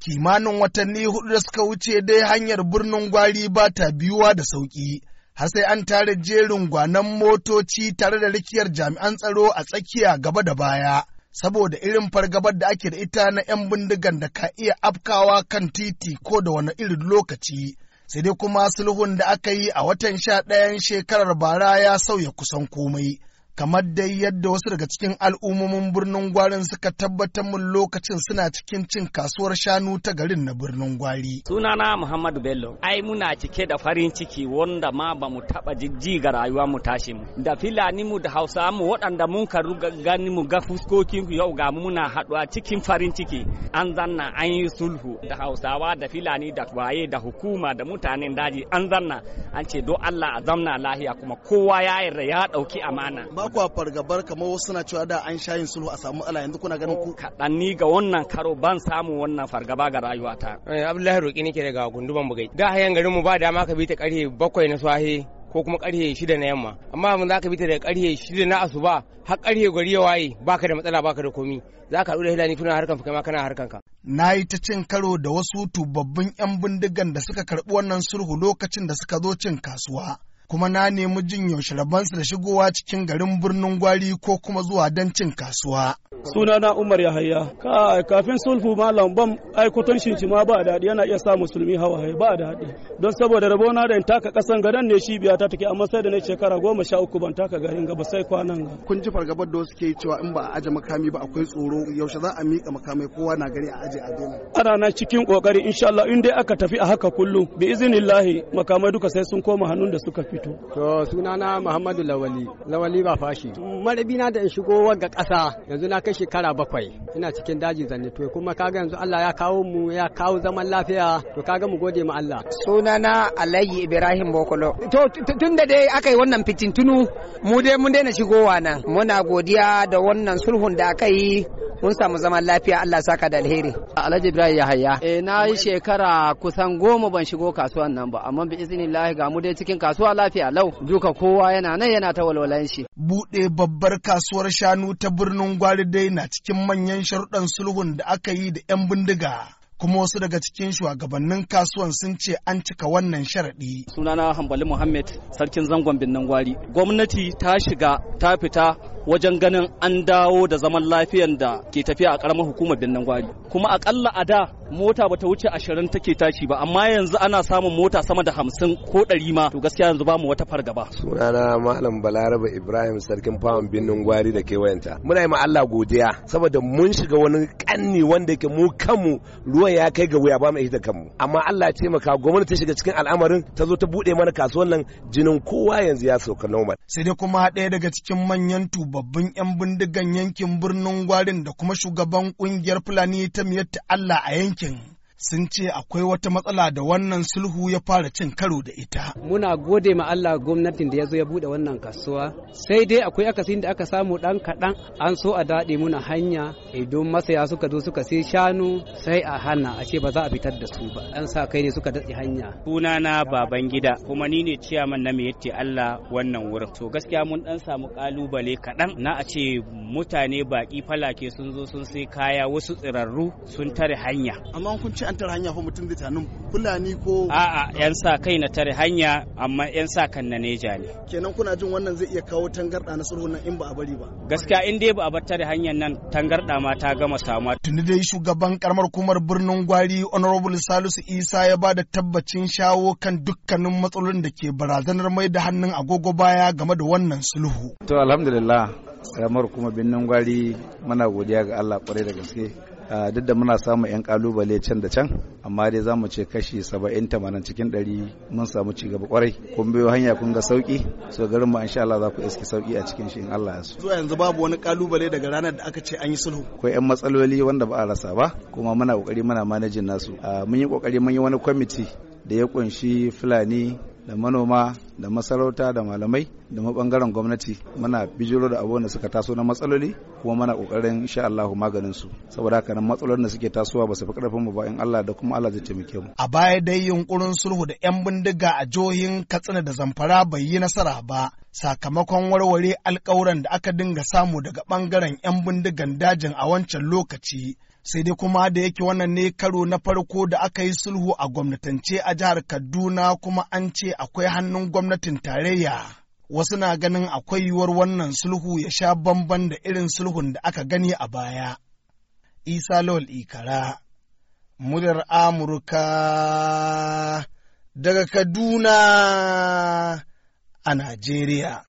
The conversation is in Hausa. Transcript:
kimanin watanni hudu da suka wuce dai hanyar birnin gwari ba ta biyuwa da sauƙi har sai an tare jerin gwanan motoci tare da rikiyar jami'an tsaro a tsakiya gaba da baya saboda irin fargabar da ake da ita na 'yan bindigan da ka iya afkawa kan titi ko da wani irin lokaci sai dai kuma sulhun da aka yi a watan sha ɗayan shekarar bara ya sauya kusan komai kamar dai yadda wasu daga cikin al'ummomin birnin gwarin suka tabbatar mun lokacin suna cikin cin kasuwar shanu ta garin na birnin gwari. Sunana Muhammadu Bello, ai muna cike da farin ciki wanda ma ba mu taɓa jijji ga rayuwa mu tashi mu. Da filani mu da Hausa mu waɗanda mun karu gani mu ga fuskokin yau ga muna haɗuwa cikin farin ciki. An zanna an yi sulhu da Hausawa da filani, da waye da hukuma da mutanen daji an zanna an ce don Allah a zamna lahiya kuma kowa ya yarda ya ɗauki amana. kwa fargabar kamar wasu suna cewa da an shayin sulhu a samu ala yanzu kuna ganin ku kadan ni ga wannan karo ban samu wannan fargaba ga rayuwata eh, abdullahi roki nake daga gunduban bugai da hayan garin mu ba dama ka bi ta karye bakwai na swahe ko kuma karye shida na yamma amma mun za ka bi ta daga karye shida na asuba har karye gari ya waye baka da matsala baka da komi za ka haɗu da hilani kuna harkan fuka ma kana harkan ka na yi ta cin karo da wasu tubabbin 'yan bindigan da suka karɓi wannan sulhu lokacin da suka zo cin kasuwa kuma na nemi jin yaushe rabansu da shigowa cikin garin birnin gwari ko kuma zuwa don cin kasuwa. sunana Umar Yahaya ka kafin sulhu malam ban aikoton shinci ma ba daɗi yana iya sa musulmi hawa ba daɗi don saboda rabona da ta taka kasan gadan ne shi biya ta take amma sai da na shekara goma sha uku ban taka garin gaba sai kwanan ga kun ji fargabar da suke cewa in ba a aje makami ba akwai tsoro yaushe za a miƙa makamai kowa na gari a aje a daina ana nan cikin kokari insha Allah in dai aka tafi a haka kullum bi iznillahi makamai duka sai sun koma hannun da suka fito to sunana Muhammadu Lawali Lawali ba fashi mm. marabina da in shigo wagga ƙasa yanzu na kai shekara bakwai ina cikin daji to kuma kaga yanzu Allah ya kawo mu ya kawo zaman lafiya to kaga mu gode ma Allah sunana Alayyi Ibrahim Bokolo to tun da dai aka yi wannan fitintunu mu dai mun daina shigowa nan muna godiya da wannan sulhun da aka yi mun samu zaman lafiya Allah saka da alheri Alhaji Ibrahim Yahaya eh na yi shekara kusan goma ban shigo kasuwan nan ba amma bi iznillahi ga mu dai cikin kasuwa lafiya lau duka kowa yana nan yana ta walwalan shi bude babbar kasuwar shanu ta birnin Gwari dai na cikin manyan sharuɗan sulhun da aka yi da 'yan bindiga kuma wasu daga cikin shugabannin kasuwan sun ce an cika wannan sharaɗi. Sunana Hambali Muhammad, sarkin zangon Binnan Gwari. Gwamnati ta shiga ta fita wajen ganin an dawo da zaman lafiyan da ke tafiya a karamar hukumar birnin gwari kuma akalla a da mota bata wuce ashirin take tashi ba amma yanzu ana samun mota sama da hamsin ko ɗari ma to gaskiya yanzu bamu wata fargaba sunana malam balaraba ibrahim sarkin fawon birnin gwari da kewayenta muna yi ma allah godiya saboda mun shiga wani ƙanni wanda yake mu kanmu ruwan ya kai ga wuya ba mu ita kanmu amma allah ya taimaka gwamnati ta shiga cikin al'amarin ta zo ta buɗe mana kasuwan nan jinin kowa yanzu ya sauka normal sai dai kuma ɗaya daga cikin manyan tubu babbin 'yan bindigan yankin birnin gwarin da kuma shugaban ƙungiyar Fulani ta miyatta Allah a yankin. sun ce akwai wata matsala da wannan sulhu ya fara cin karo da ita. Muna gode ma Allah gwamnatin da ya zo ya buɗe wannan kasuwa. Sai dai akwai akasin da aka samu ɗan kaɗan an so a daɗe muna hanya idan masaya suka zo suka sai shanu sai a hana a ce ba za a fitar da su ba. An sa kai ne suka datse hanya. Sunana baban gida kuma ni ne ciyaman na yatti Allah wannan wurin. To gaskiya mun ɗan samu ƙalubale kaɗan na a ce mutane baƙi falake sun zo sun sai kaya wasu tsirarru sun tare hanya. Amma kun ci an tare hanya fa mutum zai fulani ko a'a yan sa kai na tare hanya amma yan sa kan na neja ne kenan kuna jin wannan zai iya kawo tangarda na sulhun in ba a bari ba gaskiya in dai ba a bar tare hanyar nan tangarda ma ta gama samuwa tuni dai shugaban karamar hukumar birnin gwari honorable salisu isa ya ba da tabbacin shawo kan dukkanin matsalolin da ke barazanar mai da hannun agogo baya game da wannan sulhu to alhamdulillah karamar kuma birnin gwari mana godiya ga Allah kwarai da gaske Ah, duk da muna samun 'yan kalubale can da can amma dai za mu ce kashi 70-80 cikin 100 mun samu cigaba kwarai kun biyo hanya kun ga sauki so garin mu insha Allah za ku iske sauki a cikin shi in Allah ya so zuwa yanzu babu wani kalubale daga ranar da aka ce an yi sulhu akwai 'yan matsaloli wanda ba a rasa ba kuma muna kokari muna manajin nasu ah, mun yi kokari mun yi wani kwamiti da ya kunshi fulani da manoma da masarauta da malamai da bangaren gwamnati muna bijiro da abubuwan da suka taso na matsaloli kuma muna kokarin insha Allahu maganin su saboda haka nan matsalolin da suke tasowa ba su fi karfin mu ba in Allah da kuma Allah zai taimake mu a baya dai yunkurin sulhu da yan bindiga a jihohin Katsina da Zamfara bai yi nasara ba sakamakon warware alƙawuran da aka dinga samu daga bangaren yan bindigan dajin a wancan lokaci sai dai kuma da yake wannan ne karo na farko da aka yi sulhu a gwamnatance a jihar kaduna kuma an ce akwai hannun gwamnatin tarayya wasu na ganin akwai yiwuwar wannan sulhu ya sha bamban da irin sulhun da aka gani a baya isa lawal ikara muryar amurka daga kaduna a najeriya